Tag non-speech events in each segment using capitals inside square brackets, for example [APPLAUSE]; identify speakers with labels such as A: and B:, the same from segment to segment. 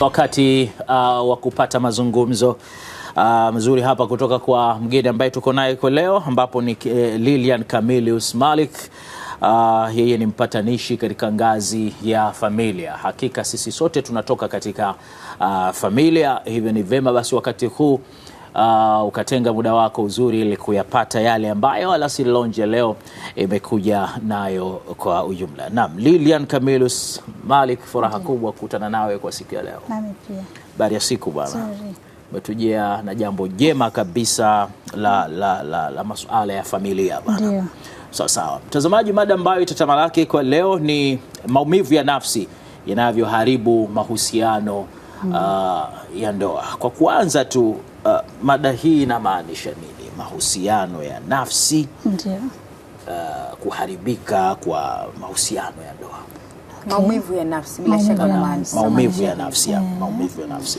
A: Wakati uh, wa kupata mazungumzo uh, mzuri hapa kutoka kwa mgeni ambaye tuko naye kwa leo ambapo ni eh, Lilian camilius Malik. Uh, yeye ni mpatanishi katika ngazi ya familia. Hakika sisi sote tunatoka katika uh, familia, hivyo ni vema basi wakati huu uh, ukatenga muda wako uzuri ili kuyapata yale ambayo Alasiri Lonje leo imekuja nayo kwa ujumla. Naam, Lilian Camillus Malik, furaha kubwa kukutana nawe kwa siku ya leo. Nami Habari ya siku bwana umetujia na jambo jema kabisa la, la, la, la masuala ya familia bana. Sawa sawa, mtazamaji, mada ambayo itatamalaki kwa leo ni maumivu ya nafsi yanavyoharibu mahusiano mm, uh, ya ndoa. Kwa kuanza tu uh, mada hii inamaanisha nini? Mahusiano ya nafsi ndio Uh, kuharibika kwa mahusiano ya ndoa
B: okay. Maumivu ya nafsi
A: bila shaka maumivu ya nafsi ya maumivu ya nafsi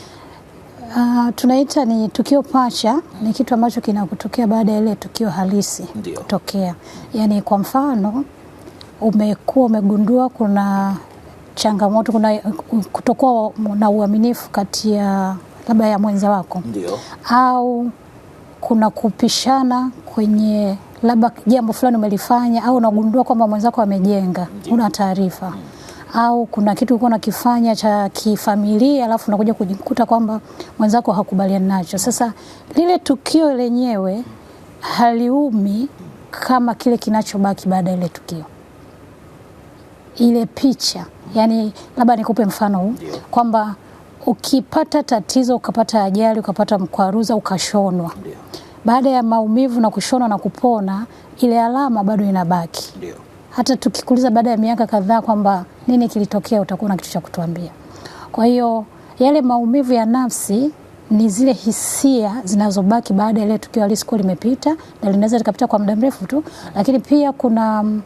C: uh, tunaita ni tukio pacha, ni kitu ambacho kinakutokea baada ya ile tukio halisi Ndiyo. kutokea. Yaani kwa mfano umekuwa umegundua kuna changamoto, kuna kutokuwa na uaminifu kati ya labda ya mwenza wako Ndiyo. au kuna kupishana kwenye labda jambo fulani umelifanya au unagundua kwamba mwenzako amejenga, una taarifa hmm. au kuna kitu ulikuwa unakifanya cha kifamilia, alafu unakuja kujikuta kwamba mwenzako hakubaliani nacho. Sasa lile tukio lenyewe haliumi kama kile kinachobaki baada ya ile tukio, ile picha. Yani, labda nikupe mfano huu kwamba ukipata tatizo, ukapata ajali, ukapata mkwaruza, ukashonwa, baada ya maumivu na kushonwa na kupona, ile alama bado inabaki. Hata tukikuuliza baada ya miaka kadhaa kwamba nini kilitokea, utakuwa na kitu cha kutuambia. Kwa hiyo yale maumivu ya nafsi ni zile hisia zinazobaki baada ya ile tukio halisi kuwa limepita, na linaweza likapita kwa muda mrefu tu, lakini pia kuna mm,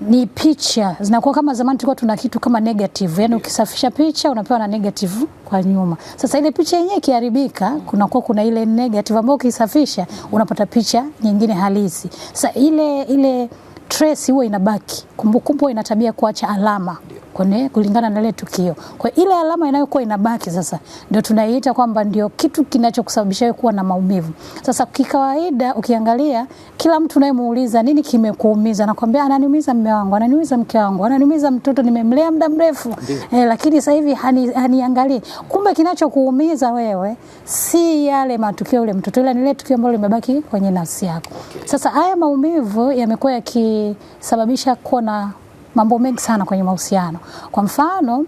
C: ni picha zinakuwa kama zamani, tulikuwa tuna kitu kama negative, yani ukisafisha picha unapewa na negative kwa nyuma. Sasa ile picha yenyewe ikiharibika, kunakuwa kuna ile negative ambayo ukisafisha unapata picha nyingine halisi. Sasa ile ile trace huwa inabaki, kumbukumbu inatabia kuacha alama kwenye kulingana na ile tukio. Kwa ile alama inayokuwa inabaki sasa ndio tunaiita kwamba ndio kitu kinachokusababisha kuwa na maumivu. Sasa kikawaida, ukiangalia kila mtu unayemuuliza nini kimekuumiza, anakwambia ananiumiza mume wangu, ananiumiza mke wangu, ananiumiza mtoto nimemlea muda mrefu eh, lakini sasa hivi hani, haniangalii. Kumbe kinachokuumiza wewe si yale matukio yule mtoto, ila ni ile tukio ambalo limebaki kwenye nafsi yako. Okay. Sasa haya maumivu yamekuwa yakisababisha kuwa na mambo mengi sana kwenye mahusiano. Kwa mfano,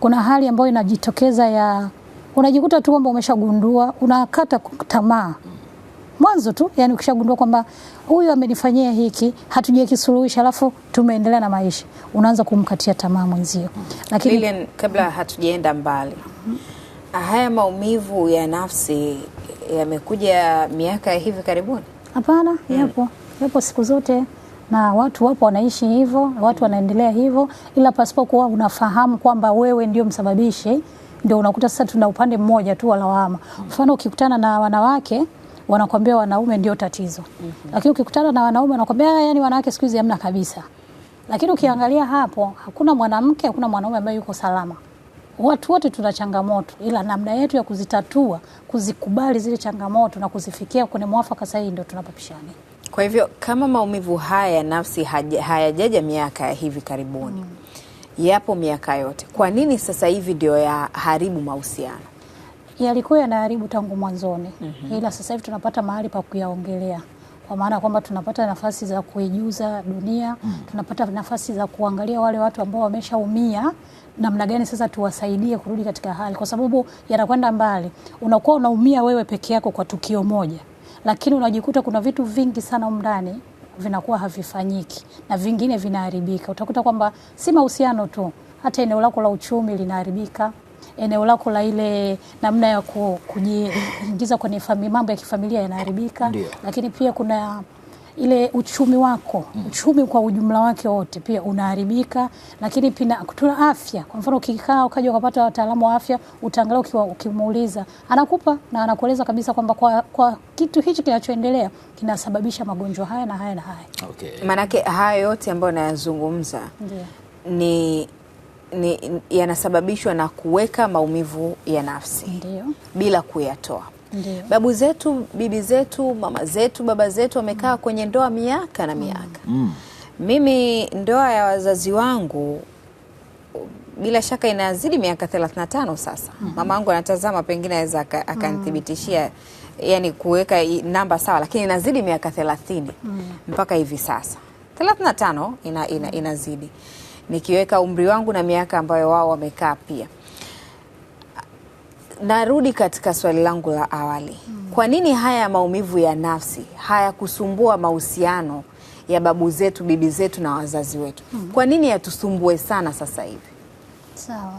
C: kuna hali ambayo inajitokeza ya unajikuta tu kwamba umeshagundua, unakata tamaa mwanzo tu, yani ukishagundua kwamba huyu amenifanyia hiki, hatujakisuluhisha, alafu tumeendelea na maisha, unaanza kumkatia tamaa mwenzio.
B: Lakini Lilian, kabla hatujaenda mbali, haya maumivu ya nafsi yamekuja miaka ya hivi karibuni?
C: Hapana, hmm. yapo yapo siku zote na watu wapo wanaishi hivyo, watu wanaendelea hivyo, ila pasipokuwa unafahamu kwamba wewe ndio msababishi, ndio unakuta sasa tuna upande mmoja tu wa lawama. Mfano, ukikutana na wanawake wanakwambia wanaume ndio tatizo, mhm. lakini ukikutana na wanaume wanakwambia ah, yani wanawake siku hizi hamna kabisa. Lakini ukiangalia hapo, hakuna mwanamke, hakuna mwanaume ambaye yuko salama. Watu wote tuna changamoto, ila namna yetu ya kuzitatua, kuzikubali zile changamoto na kuzifikia kwenye mwafaka sahihi, ndio tunapopishana.
B: Kwa hivyo kama maumivu haya ya nafsi hayajaja miaka ya hivi karibuni mm. yapo miaka yote, kwa nini sasa hivi ndio haribu mahusiano?
C: Yalikuwa yanaharibu tangu mwanzoni mm -hmm. ila sasa hivi tunapata mahali pa kuyaongelea kwa maana kwamba tunapata nafasi za kuijuza dunia mm. tunapata nafasi za kuangalia wale watu ambao wameshaumia, namna gani sasa tuwasaidie kurudi katika hali, kwa sababu yanakwenda mbali. Unakuwa unaumia wewe peke yako kwa tukio moja, lakini unajikuta kuna vitu vingi sana mndani vinakuwa havifanyiki na vingine vinaharibika. Utakuta kwamba si mahusiano tu, hata eneo lako la uchumi linaharibika, eneo lako la ile namna ya kujiingiza kwenye mambo ya kifamilia yanaharibika, lakini pia kuna ile uchumi wako mm. Uchumi kwa ujumla wake wote pia unaharibika, lakini pia tuna afya. Kwa mfano, ukikaa ukaja ukapata wataalamu wa afya, utaangalia ukimuuliza, anakupa na anakueleza kabisa kwamba kwa, kwa kitu hichi kinachoendelea kinasababisha magonjwa haya na haya na haya
B: okay. Maanake haya yote ambayo nayazungumza ni ni yanasababishwa na kuweka maumivu ya nafsi. Ndiyo. bila kuyatoa Ndiyo. Babu zetu, bibi zetu, mama zetu, baba zetu wamekaa mm. kwenye ndoa miaka na miaka mm. mm. Mimi ndoa ya wazazi wangu bila shaka inazidi miaka 35 sasa. mm Mama yangu anatazama, pengine aweza mm. akanithibitishia mm yani kuweka namba sawa, lakini inazidi miaka 30 mm mpaka hivi sasa 35 ina, ina, inazidi nikiweka umri wangu na miaka ambayo wao wamekaa pia narudi katika swali langu la awali mm. Kwa nini haya maumivu ya nafsi hayakusumbua mahusiano ya babu zetu, bibi zetu na wazazi wetu mm. Kwa nini yatusumbue sana sasa hivi? Sawa,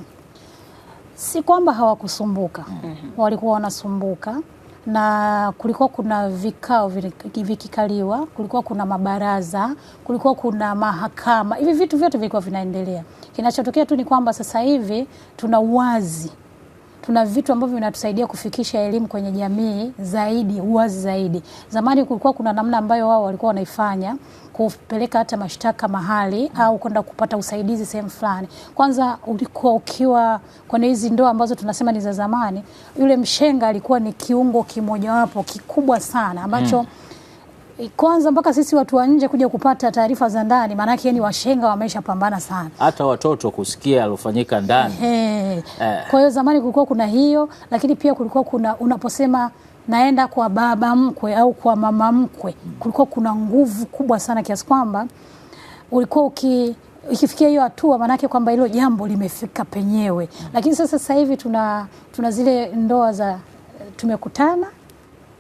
C: si kwamba hawakusumbuka mm -hmm. Walikuwa wanasumbuka na kulikuwa kuna vikao vikikaliwa, kulikuwa kuna mabaraza, kulikuwa kuna mahakama, hivi vitu vyote vilikuwa vinaendelea. Kinachotokea tu ni kwamba sasa hivi tuna uwazi tuna vitu ambavyo vinatusaidia kufikisha elimu kwenye jamii zaidi, uwazi zaidi. Zamani kulikuwa kuna namna ambayo wao walikuwa wanaifanya kupeleka hata mashtaka mahali au kwenda kupata usaidizi sehemu fulani. Kwanza ulikuwa ukiwa kwenye hizi ndoa ambazo tunasema ni za zamani, yule mshenga alikuwa ni kiungo kimojawapo kikubwa sana ambacho mm kwanza mpaka sisi watu wa nje kuja kupata taarifa za ndani, maanake ni washenga wameshapambana sana,
A: hata watoto kusikia alofanyika ndani. Eh.
C: Kwa hiyo zamani kulikuwa kuna hiyo, lakini pia kulikuwa kuna unaposema naenda kwa baba mkwe au kwa mama mkwe, kulikuwa kuna nguvu kubwa sana kiasi kwamba ulikuwa uki ikifikia hiyo hatua maanake kwamba hilo jambo limefika penyewe. Lakini sasa sasa hivi tuna, tuna zile ndoa za tumekutana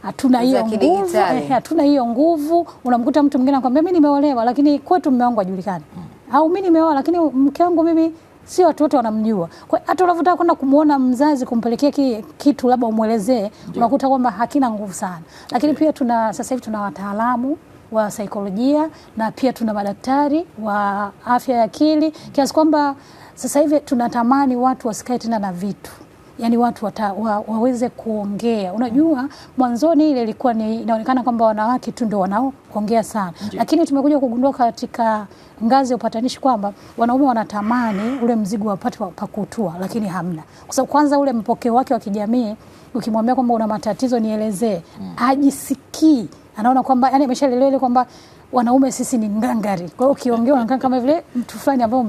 C: hatuna hiyo nguvu, eh, hatuna hiyo nguvu. Unamkuta mtu mwingine anakuambia mimi nimeolewa, lakini kwetu mume wangu hajulikani, mm. au mimi nimeoa, lakini mke wangu mimi sio watu wote wanamjua. Kwa hiyo hata unavyotaka kwenda kumuona mzazi kumpelekea ki, kitu labda umwelezee, unakuta kwamba hakina nguvu sana. Lakini pia tuna sasa hivi tuna wataalamu wa saikolojia na pia tuna madaktari wa afya ya akili kiasi kwamba sasa hivi tunatamani watu wasikae tena na vitu yani watu wata, wa, waweze kuongea. Unajua mwanzoni ile ilikuwa ni inaonekana kwamba wanawake tu ndio wanaoongea sana Jee. Lakini tumekuja kugundua katika ngazi ya upatanishi kwamba wanaume wanatamani ule mzigo wapate pa kutua, lakini hamna, kwa sababu kwanza ule mpokeo wake wa kijamii, ukimwambia kwamba una matatizo nielezee, hmm. ajisikii anaona kwamba yani ameshalelewa ile kwamba wanaume sisi ni ngangari. Kwa hiyo ukiongea unakaa kama vile mtu fulani ambao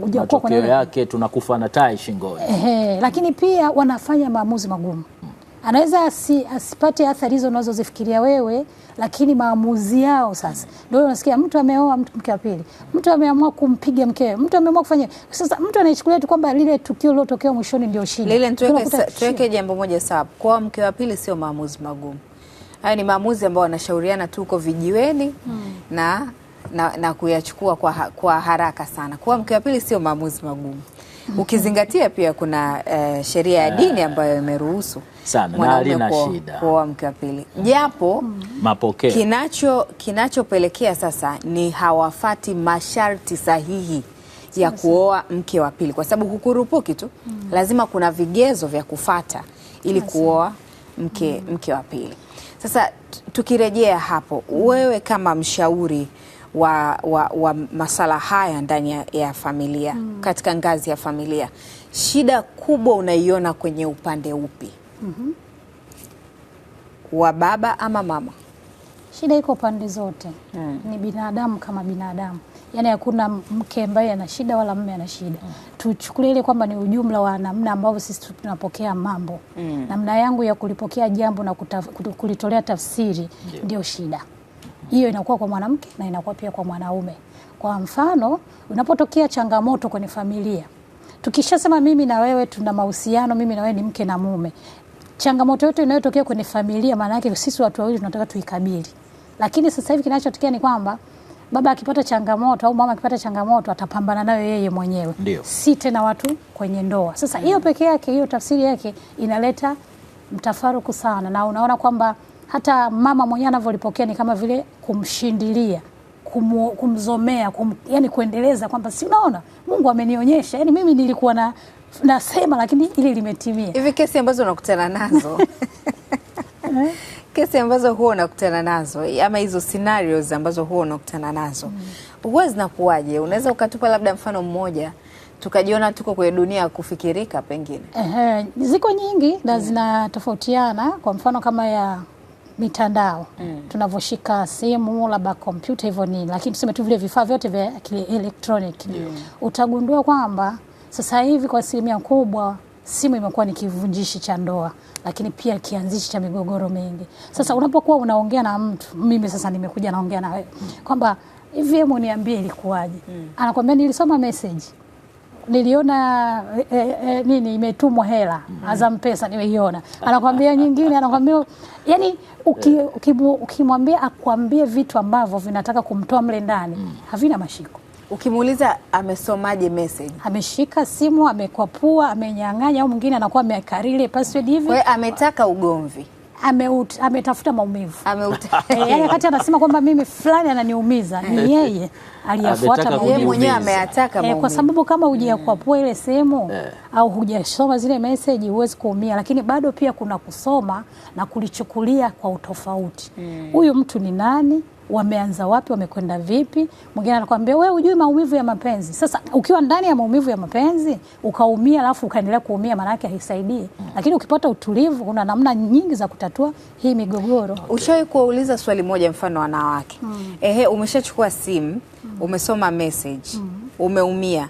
C: kuja kwa nini
A: yake tunakufa na tai shingoni.
C: Ehe, lakini pia wanafanya maamuzi magumu. Anaweza asi, asipate athari hizo unazozifikiria wewe, lakini maamuzi yao sasa ndio unasikia mtu ameoa mke wa pili, mtu ameamua kumpiga mkewe, mtu ameamua kufanya. Sasa mtu anaichukulia tu kwamba lile tukio lilotokea mwishoni ndio shida.
B: Lile tuweke jambo moja sawa, kwa mke wa pili sio maamuzi magumu Hayo ni maamuzi ambayo wanashauriana tu huko vijiweni hmm. na, na, na kuyachukua kwa, kwa haraka sana. Kuwa mke wa pili sio maamuzi magumu hmm. ukizingatia pia kuna uh, sheria ya eh. dini ambayo imeruhusu kuoa mke wa pili, japo
A: hmm.
B: kinacho kinachopelekea sasa ni hawafati masharti sahihi ya kuoa mke wa pili, kwa sababu hukurupuki tu, hmm. lazima kuna vigezo vya kufata ili kuoa mke, mke wa pili. Sasa tukirejea hapo, wewe kama mshauri wa, wa, wa masala haya ndani ya familia mm. katika ngazi ya familia, shida kubwa unaiona kwenye upande upi? hmm. wa baba ama mama?
C: Shida iko pande zote mm. ni binadamu kama binadamu yani hakuna mke ambaye ana shida wala mume ana shida mm. Tuchukulie ile kwamba ni ujumla wa namna ambavyo sisi tunapokea mambo mm. Namna yangu ya kulipokea jambo na kutaf, kulitolea tafsiri ndio yeah. Shida hiyo inakuwa kwa mwanamke na inakuwa pia kwa mwanaume. Kwa mfano, unapotokea changamoto kwenye familia, tukishasema mimi na wewe tuna mahusiano, mimi na wewe ni mke na mume, changamoto yote inayotokea kwenye familia, maana yake sisi watu wawili tunataka tuikabili, lakini sasa hivi kinachotokea ni kwamba baba akipata changamoto au mama akipata changamoto atapambana nayo yeye mwenyewe, si tena watu kwenye ndoa. Sasa hiyo mm. peke yake hiyo tafsiri yake inaleta mtafaruku sana, na unaona kwamba hata mama mwenyewe anavyolipokea ni kama vile kumshindilia Kumu, kumzomea kum, yani kuendeleza kwamba si unaona Mungu amenionyesha, yani mimi nilikuwa na nasema, lakini ili limetimia.
B: Hivi kesi ambazo unakutana nazo [LAUGHS] [LAUGHS] eh? kesi ambazo huwa unakutana nazo ama hizo scenarios ambazo huwa unakutana nazo mm. huwa zinakuwaje? Unaweza ukatupa labda mfano mmoja tukajiona tuko kwenye dunia ya kufikirika pengine. Ehe,
C: ziko nyingi na mm. zinatofautiana. Kwa mfano kama ya mitandao mm. tunavyoshika simu labda kompyuta hivyo nini, lakini tuseme tu vile vifaa vyote vya kielektroniki mm. utagundua kwamba sasa hivi kwa asilimia kubwa simu imekuwa ni kivunjishi cha ndoa, lakini pia kianzishi cha migogoro mingi. Sasa unapokuwa unaongea na mtu, mimi sasa nimekuja naongea na wewe kwamba hivi, hebu niambie ilikuwaje? mm. Anakwambia nilisoma message niliona e, e, nini imetumwa hela mm Azam Pesa nimeiona, anakwambia nyingine, anakwambia yani, ukimwambia uki, uki akwambie vitu ambavyo vinataka kumtoa mle ndani mm. havina mashiko.
B: Ukimuuliza amesomaje message,
C: ameshika simu, amekwapua, amenyang'anya, au mwingine anakuwa amekarile password hivi.
B: Kwa ametaka ugomvi
C: ametafuta maumivu [LAUGHS] yaani, wakati anasema kwamba mimi fulani ananiumiza, ni [LAUGHS] yeye aliyafuata maumivu
B: mwenyewe, ameyataka eh,
C: maumivu, kwa sababu kama hujakwapua ile sehemu eh. au hujasoma zile meseji huwezi kuumia. Lakini bado pia kuna kusoma na kulichukulia kwa utofauti, mm. huyu mtu ni nani wameanza wapi, wamekwenda vipi. Mwingine anakuambia wewe ujui maumivu ya mapenzi. Sasa ukiwa ndani ya maumivu ya mapenzi ukaumia, alafu ukaendelea kuumia, maana yake haisaidii. Mm. Lakini ukipata utulivu, kuna namna nyingi za kutatua hii migogoro.
B: Okay. Ushawahi kuwauliza swali moja, mfano wanawake, mm. ehe, umeshachukua simu, mm. umesoma message, mm. umeumia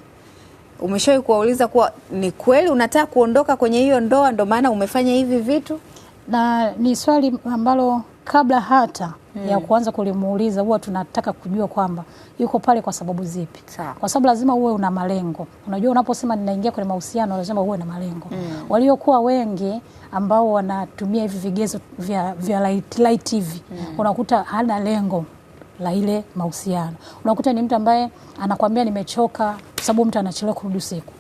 B: Umeshawahi kuwauliza kuwa ni kweli unataka kuondoka kwenye hiyo ndoa, ndo maana umefanya hivi vitu?
C: Na ni swali ambalo kabla hata mm. ya kuanza kulimuuliza huwa tunataka kujua kwamba yuko pale kwa sababu zipi. Sa. Kwa sababu lazima uwe una malengo. Unajua, unaposema ninaingia kwenye mahusiano lazima uwe na malengo mm. waliokuwa wengi ambao wanatumia hivi vigezo vya, vya light, light TV mm. unakuta hana lengo la ile mahusiano. Unakuta ni mtu ambaye anakwambia nimechoka, sababu mtu anachelewa kurudi usiku,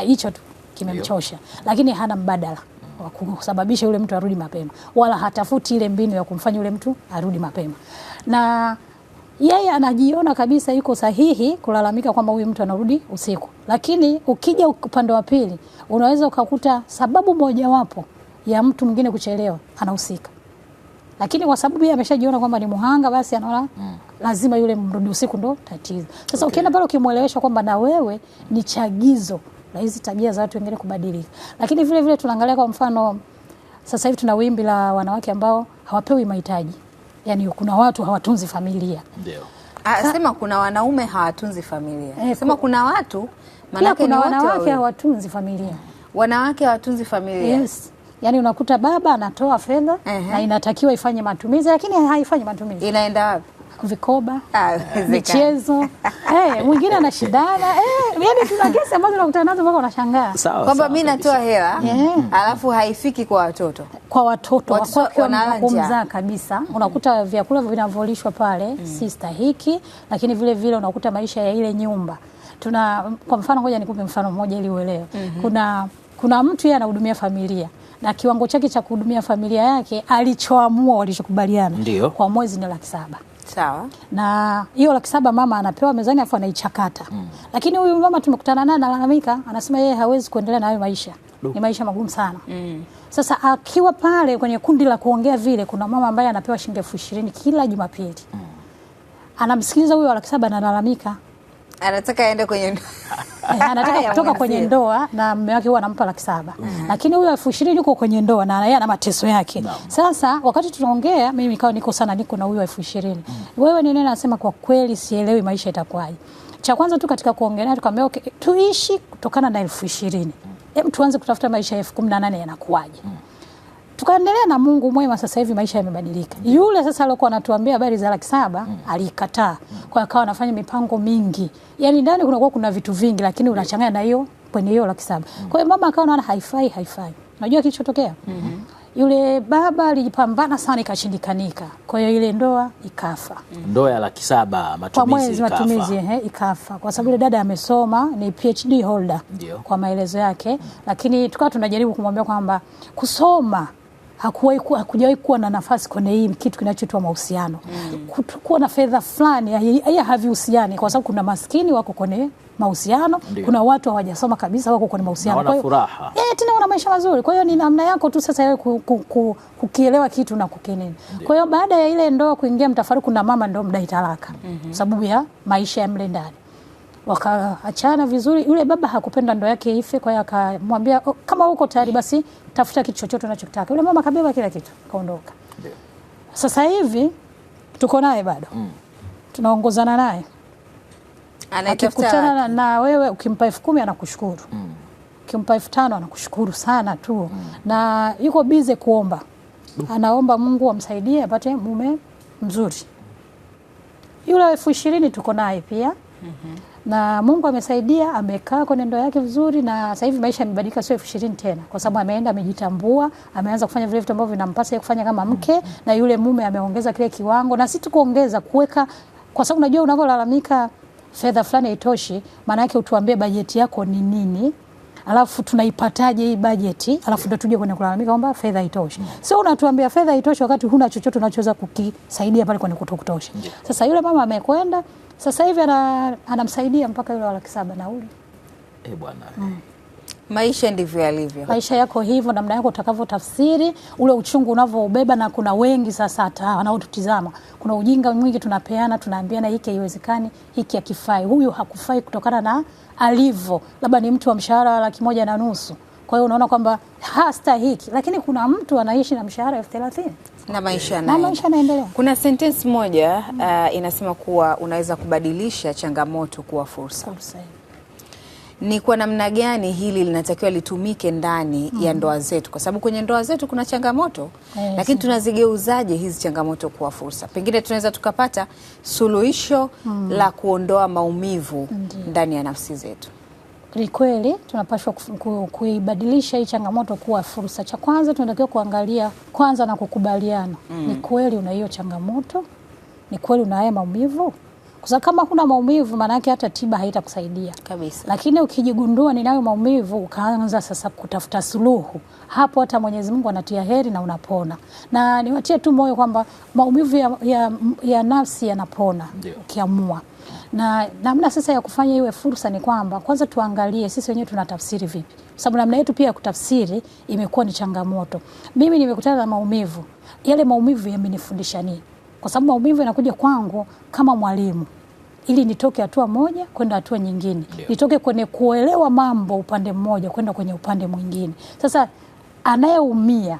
C: hicho tu kimemchosha, lakini hana mbadala wa kusababisha yule mtu arudi mapema, wala hatafuti ile mbinu ya kumfanya yule mtu arudi mapema. Na yeye anajiona kabisa yuko sahihi kulalamika kwamba huyu mtu anarudi usiku, lakini ukija upande wa pili, unaweza ukakuta sababu mojawapo ya mtu mwingine kuchelewa anahusika, lakini kwa sababu yeye ameshajiona kwamba ni muhanga, basi anaona mm. lazima yule mrudi usiku ndo tatizo. Sasa okay. ukienda pale ukimwelewesha kwamba na wewe ni chagizo na hizi tabia za watu wengine kubadilika. Lakini vile vile tunaangalia kwa mfano sasa hivi tuna wimbi la wanawake ambao hawapewi mahitaji. Yaani kuna watu hawatunzi familia. Ndio.
B: Ah, sema kuna wanaume hawatunzi familia. E, sema kuna watu maana kuna wanawake
C: hawatunzi familia.
B: Wanawake hawatunzi familia. Yes.
C: Yaani unakuta baba anatoa fedha uh -huh. na inatakiwa ifanye matumizi lakini haifanyi matumizi. Inaenda wapi? vikoba, ah, [LAUGHS] michezo hey, [LAUGHS] eh, mwingine anashindana hey, eh, yani kuna kesi ambazo unakutana nazo mpaka unashangaa
B: kwamba mi natoa hela yeah. alafu haifiki kwa watoto
C: kwa watoto wakiwa kabisa. Mm. Unakuta vyakula vinavyolishwa pale mm. si stahiki, lakini vile vile unakuta maisha ya ile nyumba tuna kwa mfano, ngoja nikupe mfano mmoja ili uelewe. mm -hmm. Kuna, kuna mtu yeye anahudumia familia na kiwango chake cha kuhudumia familia yake alichoamua walichokubaliana kwa mwezi ni laki saba. Sawa. Na hiyo laki saba mama anapewa mezani afu anaichakata mm. Lakini huyu mama tumekutana naye analalamika, anasema yeye hawezi kuendelea na hayo maisha Do. Ni maisha magumu sana mm. Sasa akiwa pale kwenye kundi la kuongea vile, kuna mama ambaye anapewa shilingi elfu ishirini kila Jumapili mm. Anamsikiliza huyo laki saba analalamika,
B: anataka aende kwenye
C: [LAUGHS] [LAUGHS] anataka kutoka kwenye ndoa na mume wake huwa anampa laki saba mm. Lakini huyo elfu ishirini yuko kwenye ndoa na yeye ana mateso yake no. Sasa wakati tunaongea mimi nikawa niko sana niko na huyo elfu ishirini mm. Wewe nini nasema, kwa kweli sielewi maisha itakuwaje. Cha kwanza tu katika kuongelea tukaambia okay, tuishi kutokana na elfu ishirini mm. Hebu tuanze kutafuta maisha ya elfu kumi na nane yanakuwaje mm tukaendelea na Mungu mwema. Sasa hivi maisha yamebadilika. Yule sasa aliokuwa anatuambia habari za laki saba alikataa, kwa hiyo akawa anafanya mipango mingi, yani ndani kunakuwa kuna vitu vingi, lakini unachanganya na hiyo kwenye hiyo laki saba. Kwa hiyo mama akawa anaona haifai, haifai. Unajua kilichotokea mm -hmm. yule baba alijipambana sana ikashindikanika, kwa hiyo ile ndoa ikafa.
A: Ndoa ya laki saba matumizi kwa mwezi matumizi ikafa,
C: eh, he, ikafa. Kwa sababu yule dada amesoma ni PhD holder Dio. kwa maelezo yake lakini tukawa tunajaribu kumwambia kwamba kusoma hakujawahi kuwa na nafasi kwenye hii kitu kinachoitwa mahusiano mm. kuwa na fedha fulani hiya havihusiani, kwa sababu kuna maskini wako kwenye mahusiano kuna watu hawajasoma kabisa wako kwenye mahusiano, kwa hiyo eh, tena wana maisha mazuri. Kwa hiyo ni namna yako tu sasa ku, ku, ku, kukielewa kitu na kukinini. Kwa hiyo baada ya ile ndoa kuingia mtafaruku na mama, ndo mdai talaka mm -hmm. sababu ya maisha ya mle ndani wakaachana vizuri. Yule baba hakupenda ndoa yake ife, kwa hiyo akamwambia oh, kama uko tayari basi tafuta kitu chochote unachotaka. Yule mama kabeba kila kitu kaondoka. Sasa hivi tuko naye bado mm. tunaongozana naye, akikutana na wewe ukimpa elfu kumi anakushukuru mm. ukimpa elfu tano anakushukuru sana tu mm. na yuko bize kuomba mm. anaomba Mungu amsaidie apate mume mzuri. Yule elfu ishirini tuko naye pia mm -hmm na Mungu amesaidia, amekaa kwenye ndoa yake vizuri, na sasa hivi maisha yamebadilika, sio elfu ishirini tena, kwa sababu ameenda amejitambua, ameanza kufanya vile vitu ambavyo vinampasa yeye kufanya kama mke, mm -hmm. na yule mume ameongeza kile kiwango, na si tu kuongeza, kuweka, kwa sababu najua unavyolalamika fedha fulani haitoshi, maana yake utuambie bajeti yako ni nini alafu tunaipataje hii bajeti, alafu ndo tuje kwenye kulalamika kwamba fedha haitoshi. Sio unatuambia fedha haitoshi wakati huna chochote unachoweza kukisaidia pale kwenye kutokutosha. Sasa yule mama amekwenda sasa hivi anamsaidia ana mpaka yule wa laki saba nauli. E bwana
B: mm. Maisha ndivyo yalivyo,
C: maisha yako hivyo, namna yako utakavyotafsiri ule uchungu unavyoubeba. Na kuna wengi sasa, hata wanaotutizama, kuna ujinga mwingi tunapeana, tunaambiana hiki haiwezekani, hiki hakifai, huyu hakufai kutokana na alivyo, labda ni mtu wa mshahara wa laki moja na nusu. Kwa hiyo unaona kwamba hastahiki lakini kuna mtu anaishi na mshahara elfu thelathini na maisha yanaendelea.
B: Kuna sentence moja uh, inasema kuwa unaweza kubadilisha changamoto kuwa fursa. Fursa ni kwa namna gani hili linatakiwa litumike ndani mm. ya mm-hmm. ndoa zetu, kwa sababu kwenye ndoa zetu kuna changamoto yes. Lakini tunazigeuzaje hizi changamoto kuwa fursa? Pengine tunaweza tukapata suluhisho mm. la kuondoa maumivu ndani ya nafsi zetu.
C: Ni kweli tunapaswa kuibadilisha hii changamoto kuwa fursa. Cha kwanza tunatakiwa kuangalia kwanza na kukubaliana, mm. Ni kweli una hiyo changamoto, ni kweli una haya maumivu, kwa sababu kama huna maumivu, maana yake hata tiba haitakusaidia kabisa. Lakini ukijigundua ninayo maumivu, ukaanza sasa kutafuta suluhu, hapo hata Mwenyezi Mungu anatia heri na unapona. Na niwatie tu moyo kwamba maumivu ya, ya, ya nafsi yanapona ukiamua na namna sasa ya kufanya iwe fursa ni kwamba kwanza tuangalie sisi wenyewe tuna tafsiri vipi, kwa sababu namna yetu pia ya kutafsiri imekuwa ni changamoto. Mimi nimekutana na maumivu, yale maumivu yamenifundisha nini? Kwa sababu maumivu yanakuja kwangu kama mwalimu ili nitoke hatua moja kwenda hatua nyingine, yeah. Nitoke kwenye kuelewa mambo upande mmoja kwenda kwenye upande mwingine. Sasa anayeumia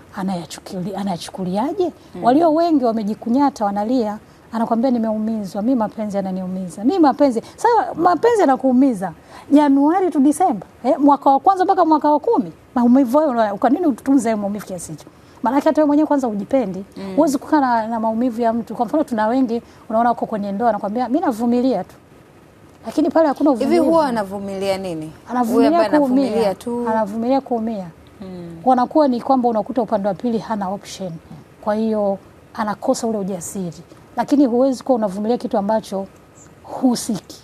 C: anayachukuliaje? mm. Walio wengi wamejikunyata, wanalia anakwambia nimeumizwa, mi mapenzi yananiumiza, mi mapenzi. Sasa mapenzi yanakuumiza Januari tu Disemba eh, mwaka wa kwanza mpaka mwaka wa kumi, maumivu hayo. Kwa nini utunze maumivu kiasi hicho? Maanake hata wewe mwenyewe kwanza ujipendi, mm. huwezi mm. kukaa na, na maumivu ya mtu. Kwa mfano, tuna wengi unaona uko kwenye ndoa, anakwambia mi navumilia tu lakini pale hakuna
B: uvumilivu. Hivi huwa anavumilia nini?
C: Anavumilia kuumia tu, anavumilia kuumia Hmm. wanakuwa ni kwamba unakuta upande wa pili hana option, kwa hiyo anakosa ule ujasiri lakini huwezi kuwa unavumilia kitu ambacho husiki.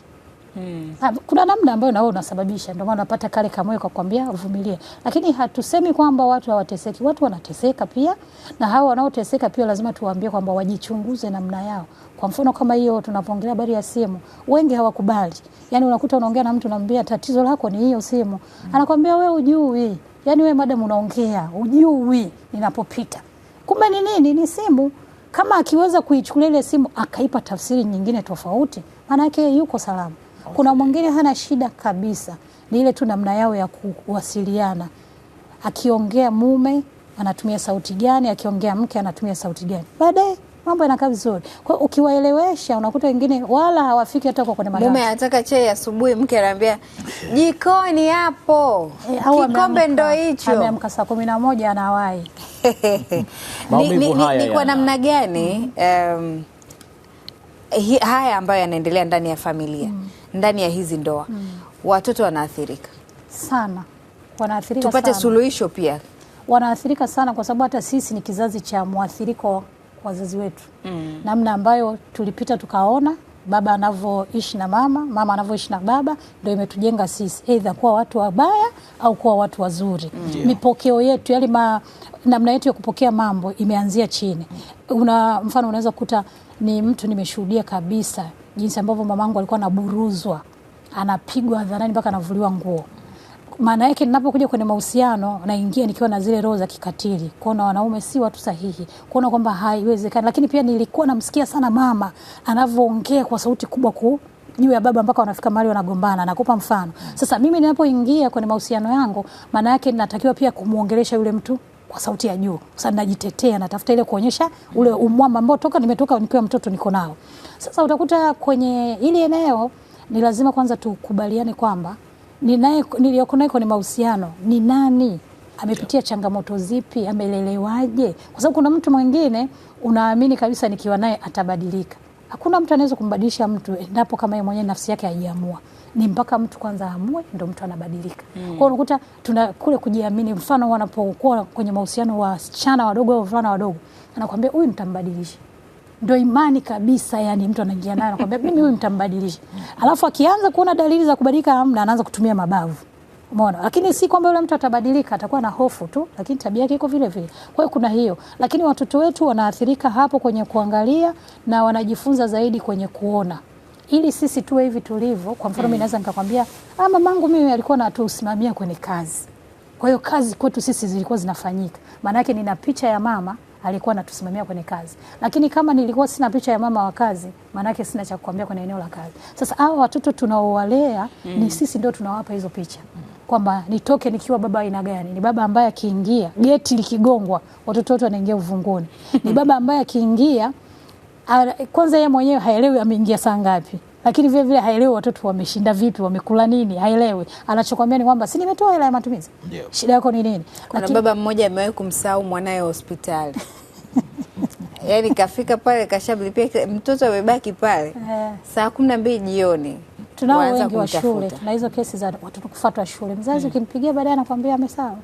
C: Hmm. Ah, kuna namna ambayo nawe unasababisha, ndio maana unapata kale kamoyo kwa kwambia uvumilie, lakini hatusemi kwamba watu hawateseki. Watu wanateseka pia, na hawa wanaoteseka pia lazima tuwaambie kwamba wajichunguze namna yao. Kwa mfano kama hiyo tunapoongelea habari ya simu, wengi hawakubali. Yani unakuta unaongea na mtu unamwambia tatizo lako ni hiyo simu, hmm. anakwambia we ujui, yani we madam unaongea ujui ninapopita, kumbe ni nini? Ni simu. Kama akiweza kuichukulia ile simu akaipa tafsiri nyingine tofauti, maana yake yuko salama. Kuna mwingine hana shida kabisa, ni ile tu namna yao ya kuwasiliana. Akiongea mume anatumia sauti gani, akiongea mke anatumia sauti gani. Baadaye mambo yanakaa vizuri. Kwa hiyo ukiwaelewesha, unakuta wengine wala hawafiki hata kwa kwenye madarasa.
B: Mume anataka chai asubuhi, mke anaambia jikoni hapo, eh, kikombe ndo hicho.
C: Ameamka saa kumi na moja anawahi.
B: [LAUGHS] Ni, ni, ni kwa namna gani um, haya ambayo yanaendelea ndani ya familia mm. ndani ya hizi ndoa mm. watoto wanaathirika sana, wanaathirika tupate sana. suluhisho pia
C: wanaathirika sana, kwa sababu hata sisi ni kizazi cha mwathiriko wazazi wetu mm. namna ambayo tulipita tukaona baba anavyoishi na mama, mama anavyoishi na baba, ndio imetujenga sisi aidha kuwa watu wabaya au kuwa watu wazuri mm. mipokeo yetu yale ma, namna yetu ya kupokea mambo imeanzia chini. Una mfano unaweza kukuta ni mtu nimeshuhudia kabisa jinsi ambavyo mamangu alikuwa anaburuzwa, anapigwa hadharani mpaka anavuliwa nguo maana yake ninapokuja kwenye mahusiano naingia nikiwa na zile roho za kikatili, kuona wanaume si watu sahihi, kuona kwamba haiwezekani. Lakini pia nilikuwa namsikia sana mama anavyoongea kwa sauti kubwa ku juu ya baba mpaka wanafika mahali wanagombana. Nakupa mfano sasa, mimi ninapoingia kwenye mahusiano yangu, maana yake natakiwa pia kumwongelesha yule mtu kwa sauti ya juu. Sasa najitetea, natafuta ile kuonyesha ule umwamba ambao toka nimetoka nikiwa mtoto niko nao. Sasa utakuta kwenye ili eneo ni lazima kwanza tukubaliane kwamba niliyoko nayo ni mahusiano, ni nani amepitia changamoto zipi, amelelewaje? Kwa sababu kuna mtu mwingine unaamini kabisa nikiwa naye atabadilika. Hakuna mtu anaweza kumbadilisha mtu endapo kama yeye mwenyewe nafsi yake haiamua. Ni mpaka mtu kwanza aamue, ndo mtu anabadilika. Mm. Kwa hmm. unakuta tuna kule kujiamini, mfano wanapokuwa kwenye mahusiano, wasichana wadogo au wavulana wadogo, anakuambia huyu nitambadilisha ndo imani kabisa, yani mtu anaingia nayo anakwambia mimi huyu mtambadilisha, alafu akianza kuona dalili za kubadilika amna, anaanza kutumia mabavu. Umeona? Lakini si kwamba yule mtu atabadilika, atakuwa na hofu tu, lakini tabia yake iko vile vile. Kwa hiyo kuna hiyo, lakini watoto wetu wanaathirika hapo kwenye kuangalia na wanajifunza zaidi kwenye kuona ili sisi tuwe hivi tulivyo. Kwa mfano, mimi naweza nikakwambia, ah, mamangu mimi alikuwa anatusimamia kwenye kazi, kwa hiyo kazi kwetu sisi zilikuwa zinafanyika. Maana yake nina picha ya mama alikuwa anatusimamia kwenye kazi, lakini kama nilikuwa sina picha ya mama wa kazi, maanake sina cha kukwambia kwenye eneo la kazi. Sasa hawa watoto tunaowalea mm. ni sisi ndio tunawapa hizo picha kwamba nitoke nikiwa baba aina gani? Ni baba ambaye akiingia geti likigongwa, watoto wote wanaingia uvunguni. Ni baba ambaye akiingia kwanza yeye mwenyewe haelewi ameingia saa ngapi lakini vile vile haelewi watoto wameshinda vipi, wamekula nini, haelewi. Anachokwambia ni kwamba si nimetoa hela ya matumizi yeah. Shida yako ni nini?
B: Kuna lakini... baba mmoja amewahi kumsahau mwanaye hospitali [LAUGHS] yaani kafika pale kashamlipia, mtoto amebaki pale yeah. saa kumi na mbili jioni
C: tunao wengi wa shule, tuna hizo kesi za watoto kufuatwa shule, mzazi mm. ukimpigia mm. baadaye anakwambia amesahau.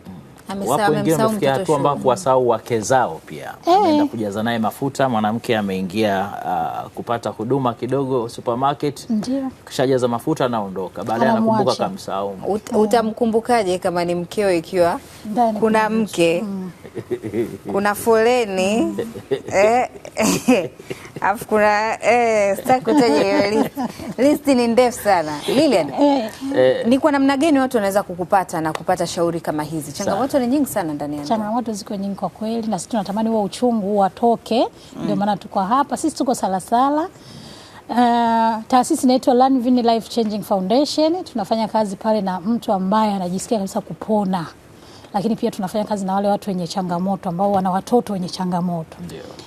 A: Wapo wengine wamefikia hatua mpaka kuwasahau wake zao pia, eh. ameenda kujaza naye mafuta. Mwanamke ameingia uh, kupata huduma kidogo supermarket, kishajaza mafuta anaondoka, baadaye anakumbuka kamsahau.
B: Utamkumbukaje kama ni mkeo, ikiwa kuna mke mm kuna foleni eh, eh, alafu kuna eh, sitaki kutaja hiyo Listi ni ndefu sana. Lilian, eh. ni kwa namna gani watu wanaweza kukupata na kupata shauri kama hizi? Changamoto ni nyingi sana ndani ya
C: changamoto ziko nyingi kwa kweli, na sisi tunatamani huo uchungu watoke, mm. ndio maana tuko hapa. Sisi tuko Salasala. Uh, taasisi inaitwa Lanvin Life Changing Foundation. Tunafanya kazi pale na mtu ambaye anajisikia kabisa kupona lakini pia tunafanya kazi na wale watu wenye changamoto ambao wana watoto wenye changamoto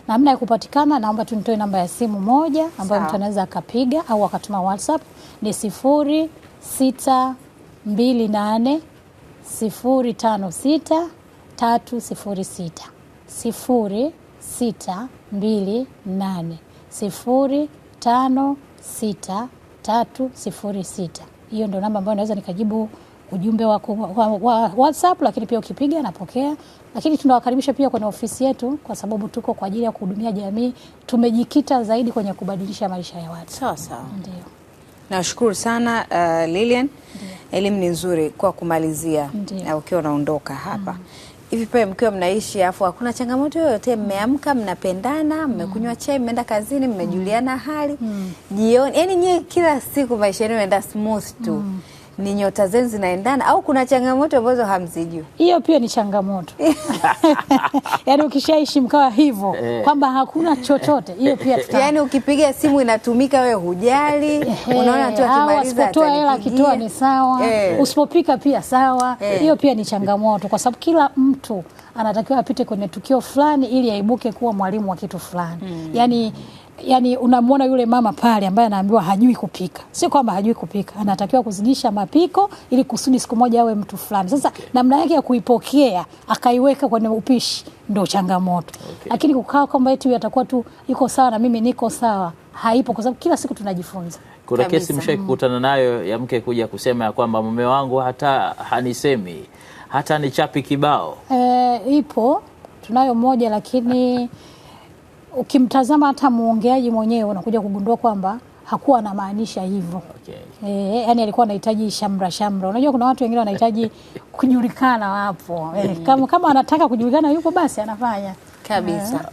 C: Namna ya kupatikana, naomba tu nitoe namba ya simu moja ambayo mtu anaweza akapiga au akatuma WhatsApp ni sifuri sita mbili nane sifuri tano sita tatu sifuri sita sifuri sita mbili nane sifuri tano sita tatu sifuri sita. Hiyo ndio namba ambayo naweza nikajibu ujumbe wa, wa, wa WhatsApp, lakini pia ukipiga napokea. Lakini tunawakaribisha pia kwenye ofisi yetu, kwa sababu tuko kwa ajili ya kuhudumia jamii. Tumejikita zaidi kwenye kubadilisha maisha ya watu. Sawa sawa, ndio.
B: Nashukuru sana uh, Lilian. Elimu ni nzuri. Kwa kumalizia, na ukiwa unaondoka hapa mm. Hivi pale mkiwa mnaishi afu hakuna changamoto yoyote, mm. mmeamka mnapendana, mmekunywa mm. chai, mmeenda kazini, mmejuliana mm. hali mm. jioni, yani nyie kila siku maisha yenu yanaenda smooth tu mm ni nyota zenu zinaendana au kuna changamoto ambazo hamzijui?
C: Hiyo pia ni changamoto [LAUGHS] yaani ukishaishi mkawa hivyo eh. kwamba hakuna chochote, hiyo pia [LAUGHS]
B: yaani ukipiga simu inatumika, wewe hujali, eh, unaona tu akimaliza hela,
C: akitoa ni sawa, eh. usipopika pia sawa. Hiyo pia ni changamoto, kwa sababu kila mtu anatakiwa apite kwenye tukio fulani ili aibuke kuwa mwalimu wa kitu fulani, hmm. yaani yani unamwona yule mama pale ambaye anaambiwa hajui kupika. Sio kwamba hajui kupika, anatakiwa kuzidisha mapiko ili kusudi siku moja awe mtu fulani. Sasa okay. namna yake ya kuipokea akaiweka kwenye upishi ndo changamoto okay. Lakini kukaa kwamba eti atakuwa tu yuko sawa na mimi niko sawa, haipo, kwa sababu kila siku tunajifunza.
A: Kuna kesi mm. kukutana nayo ya mke kuja kusema ya kwamba mume wangu hata hanisemi hata nichapi kibao. E,
C: ipo tunayo moja lakini [LAUGHS] ukimtazama hata muongeaji mwenyewe unakuja kugundua kwamba hakuwa anamaanisha hivyo. Okay. E, yani alikuwa anahitaji shamra shamra. Unajua kuna watu wengine wanahitaji [LAUGHS] kujulikana wapo. E, eh, mm. kama, kama anataka kujulikana yupo basi anafanya
B: kabisa. Yeah.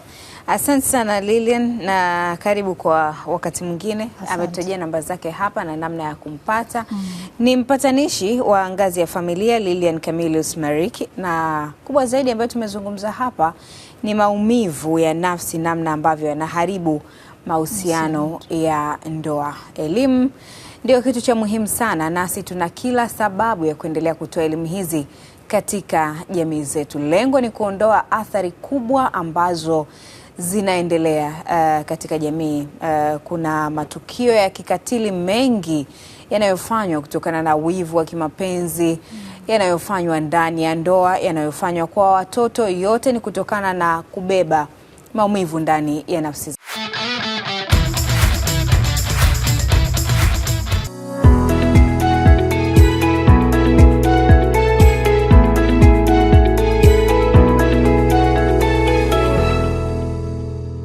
B: Asante sana Lilian, na karibu kwa wakati mwingine. Ametutajia namba zake hapa na namna ya kumpata mm. Ni mpatanishi wa ngazi ya familia Lilian Camillus Mariki, na kubwa zaidi ambayo tumezungumza hapa ni maumivu ya nafsi, namna ambavyo yanaharibu mahusiano ya ndoa. Elimu ndio kitu cha muhimu sana, nasi tuna kila sababu ya kuendelea kutoa elimu hizi katika jamii zetu. Lengo ni kuondoa athari kubwa ambazo zinaendelea uh, katika jamii uh, kuna matukio ya kikatili mengi yanayofanywa kutokana na wivu wa kimapenzi yanayofanywa ndani ya ndoa, yanayofanywa kwa watoto, yote ni kutokana na kubeba maumivu ndani ya nafsi zao.